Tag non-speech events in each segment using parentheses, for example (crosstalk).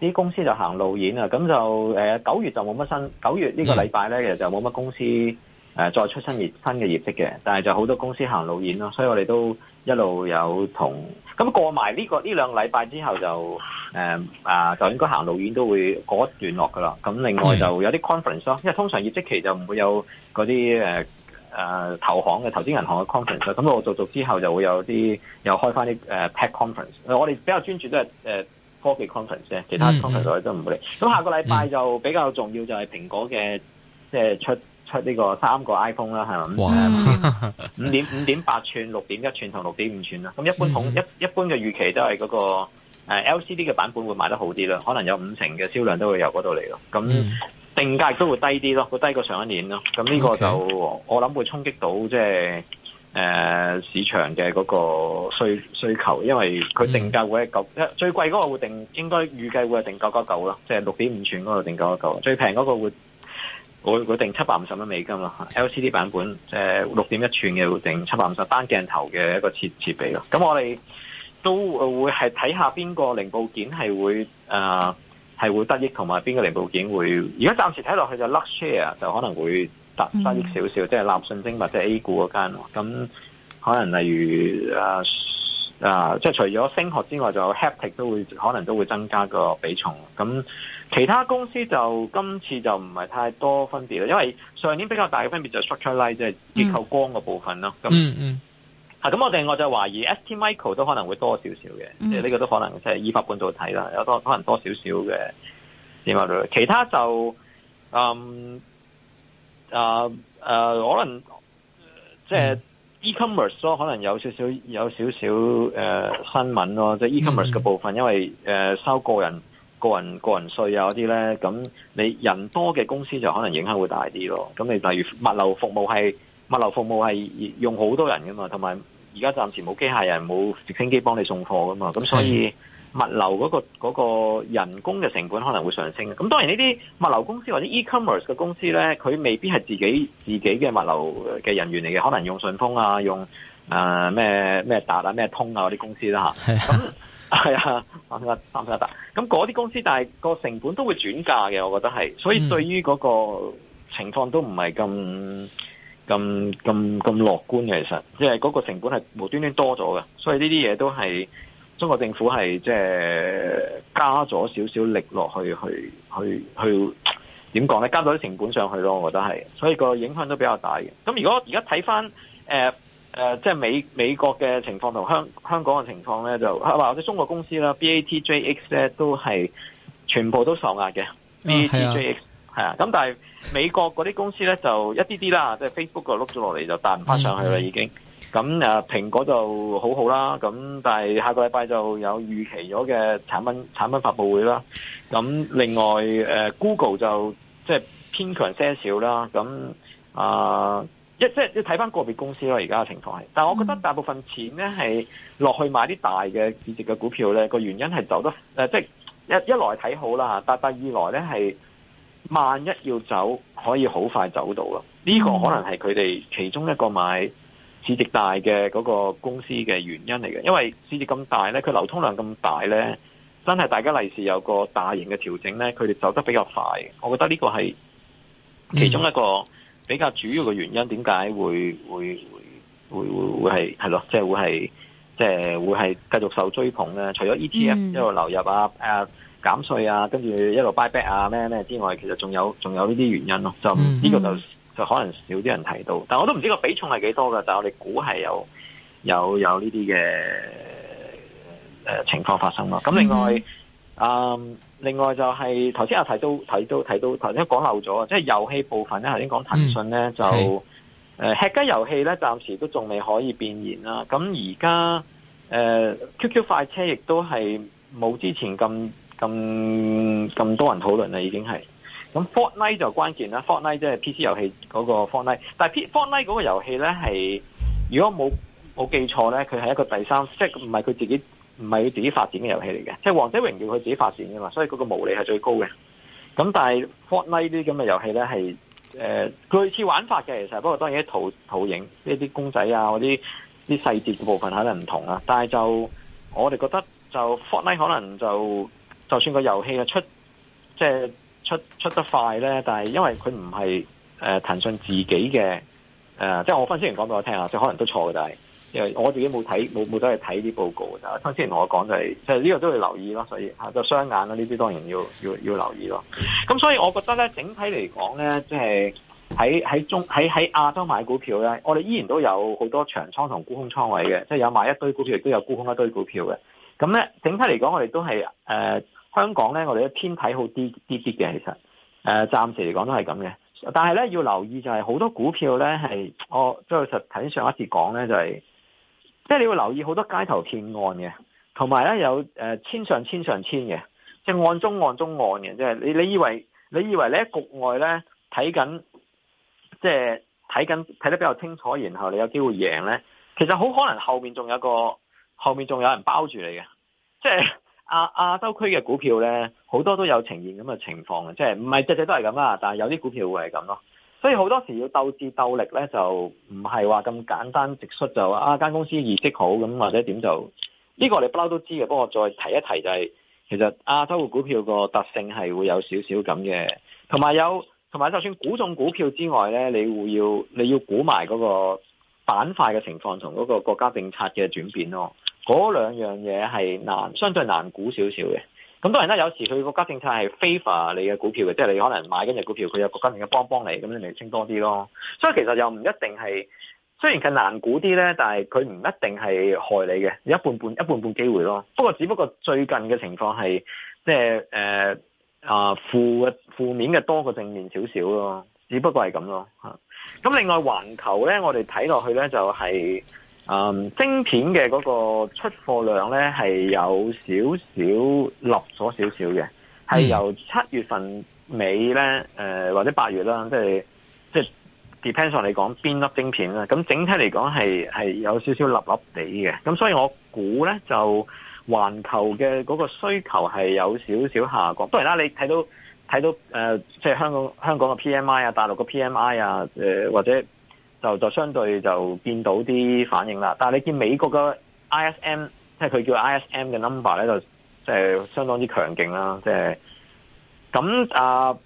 啲公司就行路演啊，咁就誒九、呃、月就冇乜新，九月呢個禮拜咧其實就冇乜公司、呃、再出新業新嘅業績嘅，但係就好多公司行路演咯，所以我哋都一路有同，咁過埋呢、呢個呢兩個禮拜之後就啊、呃，就應該行路演都會過一段落㗎啦。咁另外就有啲 conference 咯，因為通常業績期就唔會有嗰啲誒投行嘅投資銀行嘅 conference，咁我做做之後就會有啲又開返啲誒 tech conference，、呃、我哋比較專注都係科技 conference 啊，其他 conference 就唔會嚟。咁、嗯嗯、下個禮拜就比較重要，就係蘋果嘅、嗯、即係出出呢個三個 iPhone 啦，係咪哇？嗯、五點五點八寸、六點一寸同六點五寸啦。咁一般統、嗯、一一般嘅預期都係嗰、嗰個 LCD 嘅版本會賣得好啲啦，可能有五成嘅銷量都會由嗰度嚟咯。咁定價亦都會低啲咯，會低過上一年咯。咁呢個就我諗會衝擊到即係。即係誒、呃，市場嘅嗰個需需求，因為佢定價會係九、嗯，最貴嗰個會定，應該預計會係定九九九啦，即係六點五寸嗰度定九九九，最平嗰個會我定七百五十蚊美金啦，LCD 版本，即係六點一寸嘅會定七百五十單鏡頭嘅一個設設備咯，咁我哋都會係睇下邊個零部件係會誒係、呃、會得益，同埋邊個零部件會，而家暫時睇落去就 Luxshare 就可能會。突少少，即係立訊精密、或者、A 股嗰間，咁可能例如、啊啊、即係除咗聲學之外，就有 Haptic 都會可能都會增加個比重。咁其他公司就今次就唔係太多分別啦，因為上年比較大嘅分別就係 Structural Light 即係結構光個部分咯。咁，咁、嗯嗯啊、我哋我就懷疑 ST Michael 都可能會多少少嘅，即係呢個都可能即係依法半導體啦，有可可能多少少嘅。其他就嗯。啊誒，uh, uh, 可能即係 e-commerce 咯，就是 e、可能有少少有少少誒、呃、新聞咯，即、就、係、是、e-commerce 嘅部分，因為誒、呃、收個人個人個人稅啊啲咧，咁你人多嘅公司就可能影響會大啲咯。咁你例如物流服務係物流服務係用好多人噶嘛，同埋而家暫時冇機械人冇直升機幫你送貨噶嘛，咁所以。物流嗰、嗰個、嗰個人工嘅成本可能會上升，咁當然呢啲物流公司或者 e-commerce 嘅公司咧，佢未必係自己自己嘅物流嘅人員嚟嘅，可能用順豐啊，用誒咩咩達啊，咩通啊嗰啲公司啦吓，咁係 (laughs) 啊，三三一達，咁嗰啲公司但係個成本都會轉嫁嘅，我覺得係，所以對於嗰個情況都唔係咁咁咁咁樂觀嘅，其實，即係嗰個成本係無端端多咗嘅，所以呢啲嘢都係。中國政府係即係加咗少少力落去，去去去點講咧？加咗啲成本上去咯，我覺得係，所以個影響都比較大嘅。咁如果而家睇翻誒誒即係美美國嘅情況同香香港嘅情況咧，就或者中國公司啦，BATJX 咧都係全部都受壓嘅，BATJX 係啊。咁但係美國嗰啲公司咧就一啲啲啦，即係 Facebook 個碌咗落嚟就彈唔翻上去啦，嗯、已經。咁誒，蘋、啊、果就好好啦。咁但係下個禮拜就有預期咗嘅產品產品發布會啦。咁另外誒、啊、，Google 就即係、就是、偏強些少啦。咁啊，一即係、就是、要睇翻個別公司咯。而家嘅情況係，但係我覺得大部分錢咧係落去買啲大嘅市值嘅股票咧，個原因係走得誒，即、啊、係、就是、一一來睇好啦吓，但但二來咧係萬一要走可以好快走到咯。呢、這個可能係佢哋其中一個買。市值大嘅嗰個公司嘅原因嚟嘅，因為市值咁大咧，佢流通量咁大咧，真係大家利是有個大型嘅調整咧，佢哋走得比較快。我覺得呢個係其中一個比較主要嘅原因會，點解會會會會、就是、會係係咯，即、就、係、係、會係即係會係繼續受追捧咧。除咗 ETF 啊，一路流入啊，誒減稅啊，跟住、啊、一路 buy back 啊咩咩之外，其實仲有仲有呢啲原因咯。就呢個就係。就可能少啲人睇到，但我都唔知個比重係幾多噶，但係我哋估係有有有呢啲嘅誒情況發生咯。咁另外，誒、mm hmm. 嗯、另外就係頭先我提到、提到、提到，頭先講漏咗即係遊戲部分咧，頭先講騰訊咧就誒的、呃、吃雞遊戲咧，暫時都仲未可以變現啦。咁而家誒 QQ 快車亦都係冇之前咁咁咁多人討論啦，已經係。咁 Fortnite 就關鍵啦 Fortnite 即係 PC 遊戲嗰個 Fortnite 但係 Fortnite 嗰個遊戲咧係，如果冇冇記錯咧，佢係一個第三，即係唔係佢自己唔係佢自己發展嘅遊戲嚟嘅，即係《王者榮耀》佢自己發展噶嘛，所以嗰個毛利係最高嘅。咁但係 Fortnite 啲咁嘅遊戲咧係，誒、呃，類似玩法嘅其實，不過當然啲圖圖形呢啲公仔啊，嗰啲啲細節嘅部分可能唔同啦。但係就我哋覺得就 Fortnite 可能就，就算個遊戲嘅出，即係。出出得快咧，但係因為佢唔係誒騰訊自己嘅誒、呃，即係我分析員講俾我聽啊，即係可能都錯嘅，但係因為我自己冇睇冇冇走去睇啲報告啊，但係分析員同我講就係即係呢個都要留意咯，所以嚇、啊、就雙眼咯，呢啲當然要要要留意咯。咁所以我覺得咧，整體嚟講咧，即係喺喺中喺喺亞洲買股票咧，我哋依然都有好多長倉同沽空倉位嘅，即係有買一堆股票，亦都有沽空一堆股票嘅。咁咧，整體嚟講，我哋都係誒。香港咧，我哋都偏睇好啲啲啲嘅，其實誒，暫時嚟講都係咁嘅。但係咧，要留意就係好多股票咧，係我即係實睇上一次講咧，就係即係你要留意好多街頭騙案嘅，同埋咧有誒千上千上千嘅，即係案中案中案嘅，即係你你以為你以為你喺局外咧睇緊，即係睇緊睇得比較清楚，然後你有機會贏咧，其實好可能後面仲有個後面仲有人包住你嘅，即係。亞亞洲區嘅股票咧，好多都有呈現咁嘅情況嘅，即係唔係隻隻都係咁啊，但係有啲股票會係咁咯。所以好多時要鬥智鬥力咧，就唔係話咁簡單直率就，就話啊間公司業績好咁或者點就呢個你不嬲都知嘅，不過再提一提就係、是、其實亞洲嘅股票個特性係會有少少咁嘅，同埋有同埋就算估中股票之外咧，你會要你要估埋嗰個板塊嘅情況同嗰個國家政策嘅轉變咯。嗰兩樣嘢係難，相對難估少少嘅。咁當然啦，有時佢國家政策係 favor 你嘅股票嘅，即係你可能買緊隻股票，佢有國家政策幫幫你，咁你咪升多啲咯。所以其實又唔一定係，雖然佢難估啲咧，但係佢唔一定係害你嘅，有一半半一半半機會咯。不過只不過最近嘅情況係即係誒啊負嘅負面嘅多過正面少少咯，只不過係咁咯嚇。咁另外環球咧，我哋睇落去咧就係、是。嗯，um, 晶片嘅嗰個出貨量咧係有少少落咗少少嘅，係、嗯、由七月份尾咧、呃，或者八月啦，即係即係 depends on 你講邊粒晶片啦。咁整體嚟講係係有少少粒粒地嘅。咁所以我估咧就環球嘅嗰個需求係有少少下降。當然啦，你睇到睇到誒，即、呃、係、即係、香港香港嘅 PMI 啊，大陸嘅 PMI 啊、呃，或者。就就相對就見到啲反應啦，但係你見美國嘅 ISM，即係佢叫 ISM 嘅 number 咧，就即係相當之強勁啦，即係咁啊！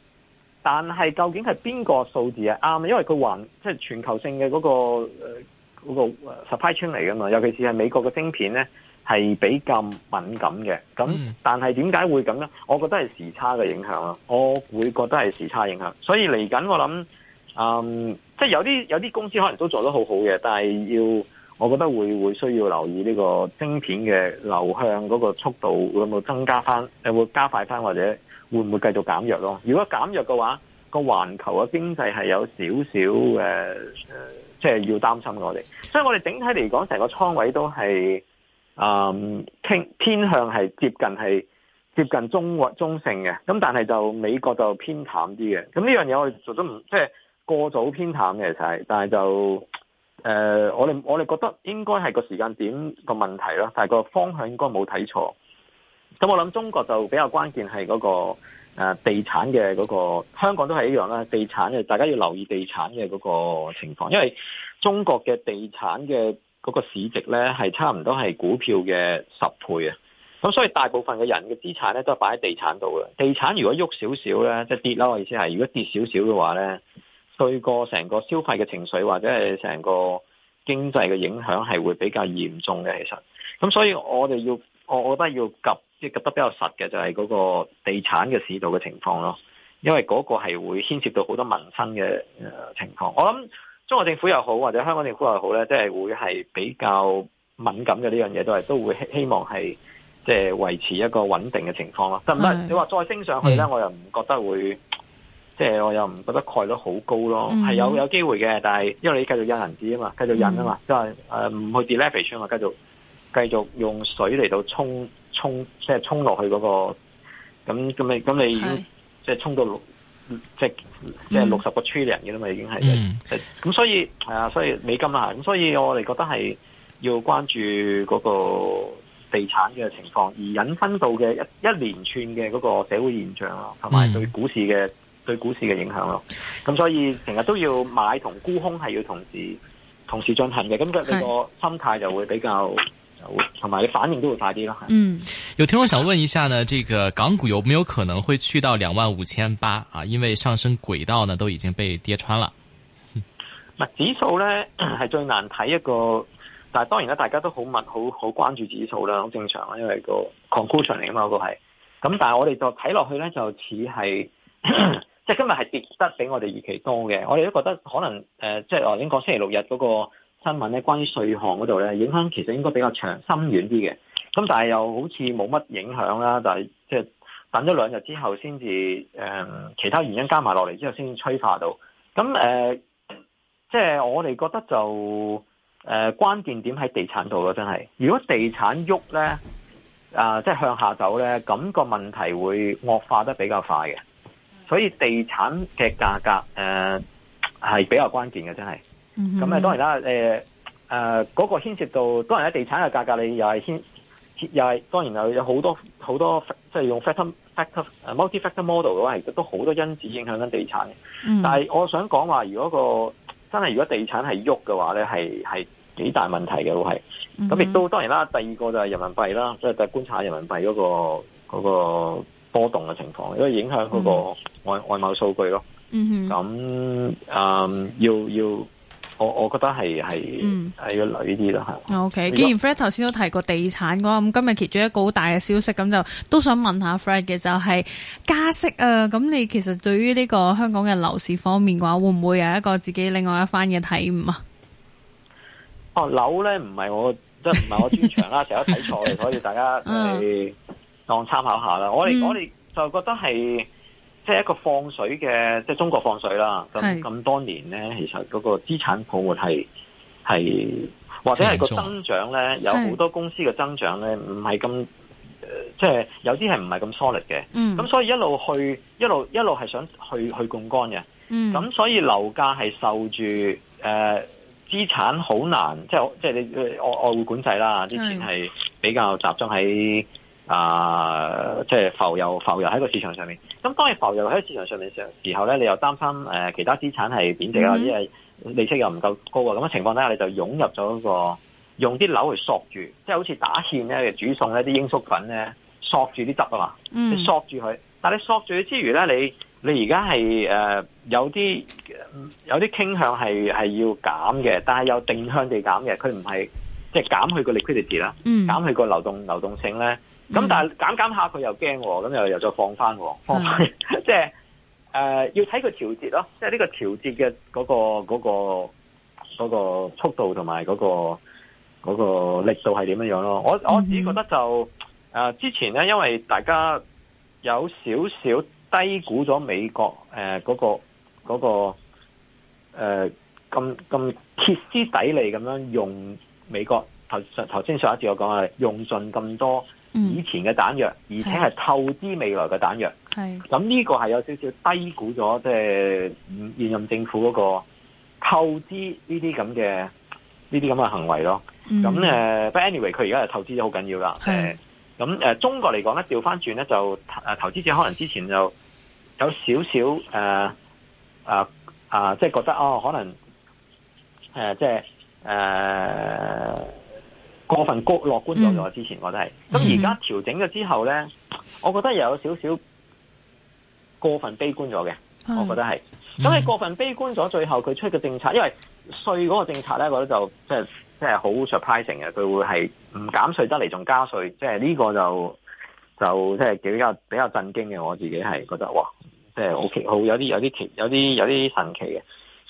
但係究竟係邊個數字啊？啱，因為佢環即係全球性嘅嗰個嗰個 supply chain 嚟噶嘛，尤其是係美國嘅晶片咧係比較敏感嘅。咁但係點解會咁咧？我覺得係時差嘅影響咯，我會覺得係時差影響。所以嚟緊我諗。嗯，um, 即係有啲有啲公司可能都做得好好嘅，但係要我覺得會會需要留意呢個晶片嘅流向嗰個速度會唔會增加翻，會唔會加快翻，或者會唔會繼續減弱咯？如果減弱嘅話，個環球嘅經濟係有少少誒，即係要擔心我哋。所以我哋整體嚟講，成個倉位都係嗯傾偏向係接近係接近中或中性嘅，咁但係就美國就偏淡啲嘅。咁呢樣嘢我哋做得唔即係。過早偏淡嘅就係，但係就誒，我哋我哋覺得應該係個時間點個問題咯，但係個方向應該冇睇錯。咁我諗中國就比較關鍵係嗰個誒地產嘅嗰個，香港都係一樣啦。地產嘅大家要留意地產嘅嗰個情況，因為中國嘅地產嘅嗰個市值咧係差唔多係股票嘅十倍啊。咁所以大部分嘅人嘅資產咧都係擺喺地產度嘅。地產如果喐少少咧，即係跌啦，我意思係，如果跌少少嘅話咧，對，個成個消費嘅情緒或者係成個經濟嘅影響係會比較嚴重嘅，其實咁所以我哋要，我我覺得要及即係及得比較實嘅就係嗰個地產嘅市道嘅情況咯，因為嗰個係會牽涉到好多民生嘅誒情況。我諗中國政府又好或者香港政府又好咧，即係會係比較敏感嘅呢樣嘢，都係都會希望係即係維持一個穩定嘅情況咯。但唔係你話再升上去咧，我又唔覺得會。即係我又唔覺得概率好高咯，係、嗯、有有機會嘅，但係因為你繼續印銀紙啊嘛，繼續印啊嘛，即係唔去 deleverage 啊嘛，繼續繼續用水嚟到沖沖，即係沖落去嗰、那個，咁咁你咁你已經是即係沖到六即即係六十個 trillion 嘅啦嘛，已經係，咁、嗯、所以啊，所以美金啊，咁所以我哋覺得係要關注嗰個地產嘅情況，而引申到嘅一一連串嘅嗰個社會現象啊，同埋對股市嘅。對股市嘅影響咯，咁所以成日都要買同沽空係要同時同時進行嘅，咁即你個心態就會比較，同埋你反應都會快啲啦。嗯，有聽我想問一下呢，呢個港股有沒有可能會去到兩萬五千八啊？因為上升軌道呢都已經被跌穿啦。嗯，指數呢係最難睇一個，但係當然啦，大家都好密好好關注指數啦，好正常啦，因為嗰個 conclusion 嚟嘅嘛，嗰個係，咁但係我哋就睇落去呢，就似係。咳咳即係今日係跌得比我哋預期多嘅，我哋都覺得可能誒、呃，即係我應該星期六日嗰個新聞咧，關於稅項嗰度咧，影響其實應該比較長、深遠啲嘅。咁但係又好似冇乜影響啦，但係即係等咗兩日之後先至誒，其他原因加埋落嚟之後先催化到。咁誒、呃，即係我哋覺得就誒、呃、關鍵點喺地產度咯，真係。如果地產喐咧，啊、呃，即係向下走咧，咁、個問題會惡化得比較快嘅。所以地產嘅價格，誒、呃、係比較關鍵嘅，真係。咁啊、mm，hmm. 當然啦，誒、呃、嗰、那個牽涉到，當然喺地產嘅價格，你又係牽又係，當然有有好多好多，即係、就是、用 factor, factor multi factor model 咯，係都好多因子影響緊地產、mm hmm. 但係我想講話，如果、那個真係如果地產係喐嘅話咧，係係幾大問題嘅都係。咁亦都當然啦，第二個就係人民幣啦，即係就是、觀察人民幣嗰、那個嗰、那個、波動嘅情況，因為影響嗰、那個。Mm hmm. 外外貿數據咯，咁啊、嗯哼嗯、要要，我我覺得係係係留意啲喇。係。嗯、o、okay, K，既然 Fred 頭先都提過地產嘅話，咁今日其中一個好大嘅消息，咁就都想問下 Fred 嘅就係、是、加息啊！咁、呃、你其實對於呢個香港嘅樓市方面嘅話，會唔會有一個自己另外一番嘅睇唔啊？哦，樓咧唔係我即係唔係我專長啦，成日睇錯，所以大家係當、啊、參考下啦。我哋我哋就覺得係。嗯即係一個放水嘅，即係中國放水啦。咁咁是多年咧，其實嗰個資產泡沫係係或者係個增長咧，很有好多公司嘅增長咧唔係咁，即係是、呃就是、有啲係唔係咁 solid 嘅。咁、嗯、所以一路去一路一路係想去去槓桿嘅。咁、嗯、所以樓價係受住誒、呃、資產好難，即係即係你外外匯管制啦，啲錢係比較集中喺。啊，即係浮油浮油喺個市場上面，咁當你浮油喺市場上面上時候咧，你又擔心誒其他資產係貶值啊，因為利息又唔夠高啊，咁嘅情況底下，你就湧入咗一個用啲樓去索住，即係好似打芡咧嘅煮餸，咧啲鷹粟粉咧索住啲汁啊嘛，索住佢。但係你索住佢之餘咧，你你而家係誒有啲有啲傾向係係要減嘅，但係又定向地減嘅，佢唔係即係減去個 liquidity 啦，減去個流動流動性咧。咁、嗯、但係減減下佢又驚喎，咁又又再放返喎，放返的、 (laughs) 就是呃。即係要睇個調節囉、那個。即係呢個調節嘅嗰個嗰個嗰個速度同埋嗰個力度係點樣樣咯？我我自己覺得就、呃、之前呢，因為大家有少少低估咗美國嗰、呃那個嗰、那個誒咁咁歇斯底里咁樣用美國，頭先上一次我講係用盡咁多以前嘅彈藥，嗯、是而且係透支未來嘅彈藥。係咁呢個係有少少低估咗，即、就、係、是、現任政府嗰、那個透支呢啲咁嘅呢啲咁嘅行為咯。咁誒 but anyway，佢而家係透支咗好緊要啦。誒是的、呃，咁誒、呃、中國嚟講咧，調返轉咧就誒投資者可能之前就有少少誒誒誒，即係覺得哦，可能誒、呃、即係誒。呃過分高樂觀咗咗，之前我覺得係。咁而家調整咗之後咧，嗯、我覺得又有少少過分悲觀咗嘅，是我覺得係。咁你過分悲觀咗，嗯、最後佢出嘅政策，因為稅嗰個政策咧，我覺得就即係即係好 surprising 嘅，佢、就是就是、會係唔減稅得嚟，仲加稅，即係呢個就就即係、就是、比較比較震驚嘅。我自己係覺得，即係、就是、好奇，好有啲有啲奇，有啲有啲神奇嘅。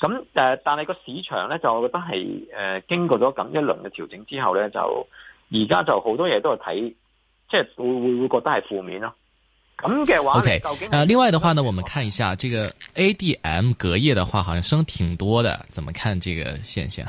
咁誒，但係個市場咧，就我覺得係誒，經過咗咁一輪嘅調整之後咧，就而家就好多嘢都係睇，即、就、係、是、會會會覺得係負面咯。咁嘅話呢，OK，誒、啊，另外嘅話呢，我們看一下，這個 ADM 隔夜嘅話，好像升挺多的，怎麼看這個現象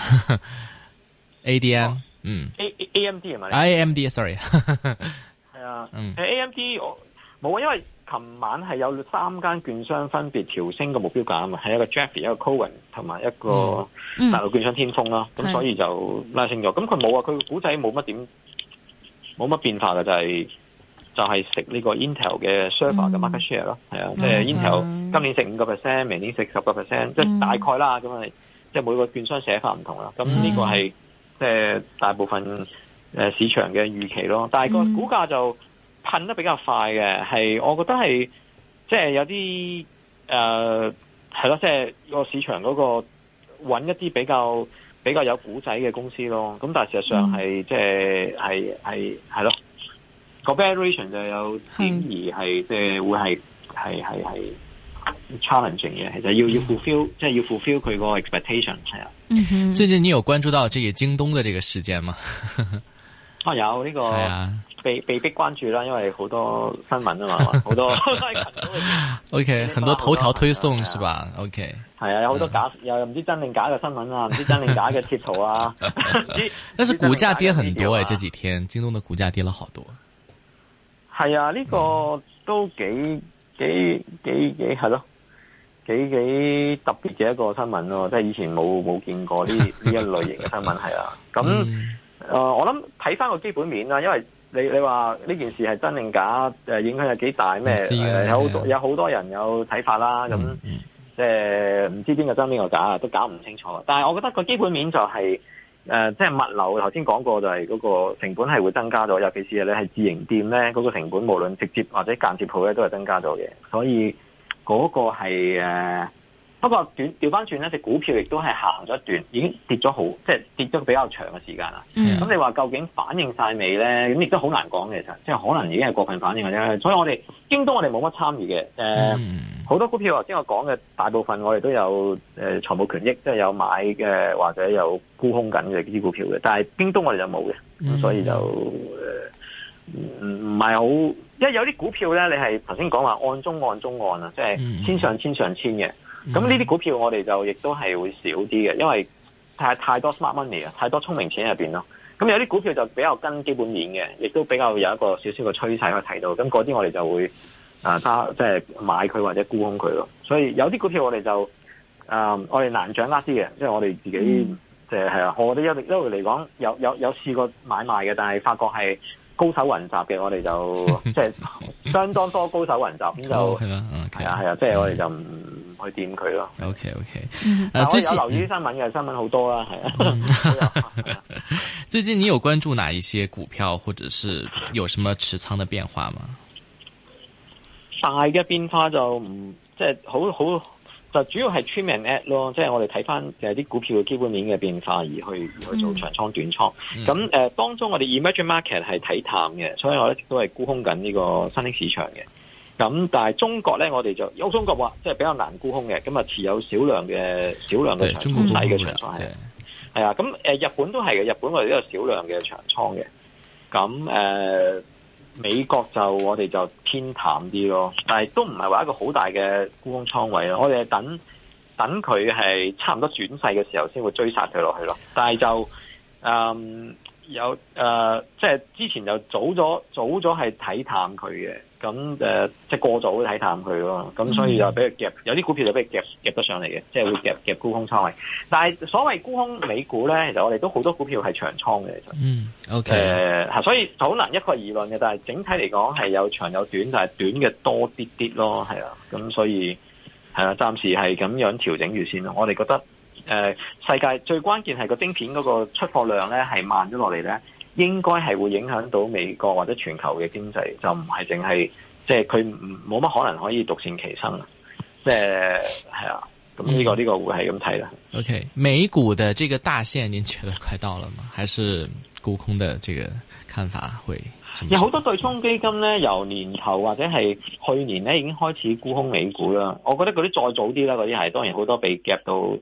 (laughs) ？ADM，嗯，A M D 係咪 A M D，sorry，係啊，嗯，A M D 我冇啊？因為琴晚係有三間券商分別調升個目標價啊嘛，係一個 Jeffrey、一個 Cohen 同埋一個大陸券商天風啦。咁、嗯嗯、所以就拉升咗。咁佢冇啊，佢個股仔冇乜點冇乜變化嘅，就係就係食呢個 Intel 嘅 server 嘅 market share 咯。係啊，即係 Intel 今年食五個 percent，明年食十個 percent，即係大概啦。咁啊，即係每個券商寫法唔同啦。咁呢、嗯嗯、個係即係大部分誒市場嘅預期咯。大概股價就噴得比較快嘅，係我覺得係即係有啲誒係咯，即係個、呃、市場嗰、那個揾一啲比較比較有古仔嘅公司咯。咁但係事實上係、嗯、即係係係係咯，個 v a r u a t i o n 就有潛移係即係會係係係係 challenging 嘅，其實要要 fulfill、嗯、即係要 fulfill 佢個 expectation 係啊。最近、嗯、哼你有關注到這個京東的這個事件嗎？ (laughs) 啊有呢個被被逼關注啦，因為好多新聞啊嘛，好多。O K，很多頭條推送是吧？O K，係啊，有好多假又唔知真定假嘅新聞啊，唔知真定假嘅貼圖啊。但是股價跌很多啊。這幾天京東嘅股價跌了好多。係啊，呢個都幾幾幾幾係咯，幾幾特別嘅一個新聞咯，即係以前冇冇見過呢呢一類型嘅新聞，係啊。咁。誒、呃，我諗睇翻個基本面啦，因為你你話呢件事係真定假？影響係幾大咩、啊？有有好多人有睇法啦，咁即係唔知邊個真邊個假都搞唔清楚。但係我覺得個基本面就係、是、誒、呃，即係物流頭先講過就係嗰個成本係會增加咗，尤其是你係自營店咧嗰、那個成本，無論直接或者間接鋪咧都係增加咗嘅，所以嗰個係誒不過，調返翻轉咧，隻股票亦都係行咗一段，已經跌咗好，即係跌咗比較長嘅時間啦。咁 Yeah. 你話究竟反應晒未咧？咁亦都好難講嘅，其實即係可能已經係過分反應嘅啫。所以我哋京東我哋冇乜參與嘅。誒、呃，好、mm hmm. 多股票啊，即係我講嘅大部分，我哋都有誒、呃、財務權益，即係有買嘅或者有沽空緊嘅啲股票嘅。但係京東我哋就冇嘅，mm hmm. 所以就誒唔唔係好。因為有啲股票咧，你係頭先講話按中按中按啊，即係千上千上千嘅。咁呢啲股票我哋就亦都係會少啲嘅，因為太太多 smart money 啊，太多聰明錢入邊咯。咁有啲股票就比較跟基本面嘅，亦都比較有一個少少嘅趨勢可以睇到。咁嗰啲我哋就會啊，即係買佢或者沽空佢咯。所以有啲股票我哋就啊、嗯，我哋難掌握啲嘅，即係我哋自己即係係啊，嗯、我哋一路嚟講有有有試過買賣嘅，但係發覺係高手雲集嘅，我哋就即係 (laughs) 相當多高手雲集咁就係啦，係啊、oh, okay . okay.，係啊，即、就、係、是、我哋就唔。Okay. 去點佢咯。OK，OK。有有留意啲新聞嘅，嗯、新聞好多啦，係啊。 (laughs) 最近你有關注哪一些股票，或者是有什麼持倉嘅變化嗎？大嘅變化就唔即係好好，就主要係 trim and add 咯，即、就、係、是、我哋睇翻誒啲股票嘅基本面嘅變化而，而去去做長倉短倉。咁誒、嗯呃、當中我哋 emerging market 係睇淡嘅，所以我一直都係沽空緊呢個新興市場嘅。咁但係中國咧，我哋就有中國話，即係比較難沽空嘅，咁啊持有少量嘅少量嘅長底嘅長倉，係啊，咁誒對、呃、日本都係嘅，日本我哋都有少量嘅長倉嘅。咁誒、呃、美國就我哋就偏淡啲咯，但係都唔係話一個好大嘅沽空倉位咯，我哋係等等佢係差唔多轉勢嘅時候，先會追殺佢落去咯。但係就嗯。有誒，即、呃、係之前就早咗，早咗係睇淡佢嘅，咁誒、呃、即係過早睇淡佢咯，咁所以就俾佢夾，mm hmm. 有啲股票就俾佢夾夾得上嚟嘅，即、就、係、是、會夾夾沽空倉位。但係所謂沽空美股咧，其實我哋都好多股票係長倉嘅，其實嗯，OK，係、呃、所以好難一概而論嘅，但係整體嚟講係有長有短，但係短嘅多啲啲咯，係啊，咁所以係啊，暫時係咁樣調整住先啦，我哋覺得。誒、呃，世界最關鍵係個晶片嗰個出貨量咧係慢咗落嚟，咧應該係會影響到美國或者全球嘅經濟，就唔係淨係即係佢冇乜可能可以獨善其身、呃、是啊！即係係啊，咁呢個呢個會係咁睇啦。OK，美股的這個大綫，您覺得快到了嗎？還是沽空的這個看法會什麼什麼？有好多對沖基金咧，由年頭或者係去年咧已經開始沽空美股啦。我覺得嗰啲再早啲啦，嗰啲係當然好多被夾到。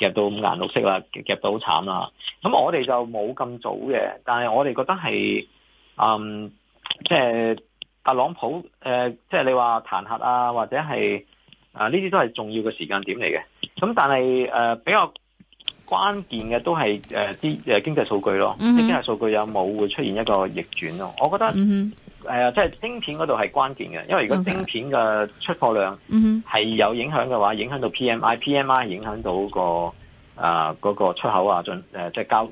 夾到五顏六色啦，夾夾到好慘啦。咁我哋就冇咁早嘅，但係我哋覺得係，嗯，即係特朗普，誒，即係你話彈劾啊，或者係，啊，呢啲都係重要嘅時間點嚟嘅。咁但係誒比較關鍵嘅都係誒啲誒經濟數據咯，經濟數據有冇會出現一個逆轉咯？我覺得。嗯係啊，即係晶片嗰度係關鍵嘅，因為如果晶片嘅出貨量係有影響嘅話，影響到 PMI，PMI 影響到個啊嗰個出口啊進誒，即係交。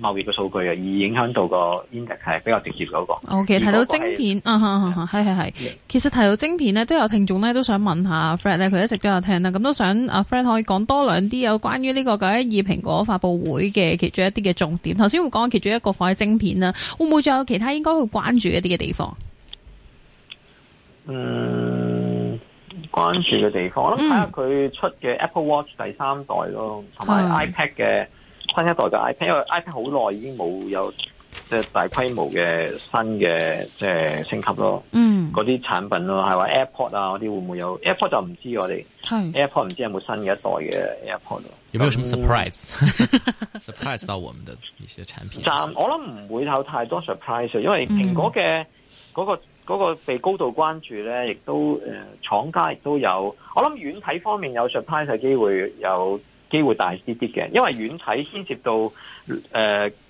貿易嘅數據啊，而影響到個 index 係比較直接嗰個。OK，提到晶片啊，係係係。其實提到晶片呢，都有聽眾咧都想問下 Frank，佢一直都有聽啦，咁都想阿 Frank 可以講多兩啲有關於呢個九一二蘋果發布會嘅其中一啲嘅重點。頭先會講其中一個係晶片啦，會唔會仲有其他應該會關注一啲嘅地方？嗯，關注嘅地方咯，睇下佢出嘅 Apple Watch 第三代咯，同埋 iPad 嘅。新一代嘅 iPad，因為 iPad 好耐已經冇有即係大規模嘅新嘅即係升級咯。嗯，嗰啲產品咯，係話 AirPod 啊？嗰啲會唔會有 AirPod 就唔知我哋。係 AirPod 唔知有冇新嘅一代嘅 AirPod 有冇？有什麼 surprise？surprise、嗯、 (laughs) 到我們的一些產品、啊但？我諗唔會有太多 surprise，因為蘋果嘅嗰、那個、嗯那個那個被高度關注咧，亦都誒廠、呃、家亦都有。我諗軟體方面有 surprise 機會有。機會大啲啲嘅，因為軟體牽涉到誒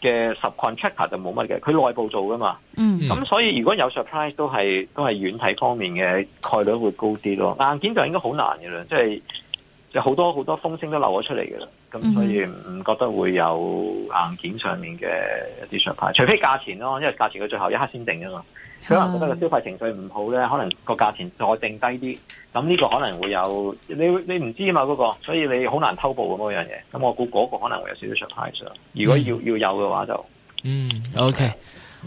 嘅、呃、subcontractor 就冇乜嘅，佢內部做噶嘛。嗯、mm，咁、hmm。所以如果有 surprise 都係都係軟體方面嘅概率會高啲咯，硬件就應該好難嘅啦，即係就好多好多風聲都漏咗出嚟嘅啦。咁、嗯、所以唔覺得會有硬件上面嘅一啲 surprise，除非價錢咯，因為價錢佢最後一刻先定啊嘛。佢可能覺得個消費情緒唔好咧，可能個價錢再定低啲，咁呢個可能會有你你唔知嘛嗰、那個，所以你好難偷步咁樣嘢。咁我估嗰個可能會有少少 surprise。如果要要,要有嘅話就嗯 OK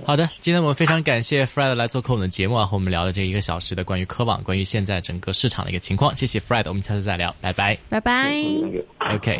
好的，今天我非常感謝 Fred 嚟做客我們嘅節目啊，和我們聊咗這一個小時嘅關於科網、關於現在整個市場嘅一個情況。謝謝 Fred，我們下次再聊，拜拜，拜拜，OK。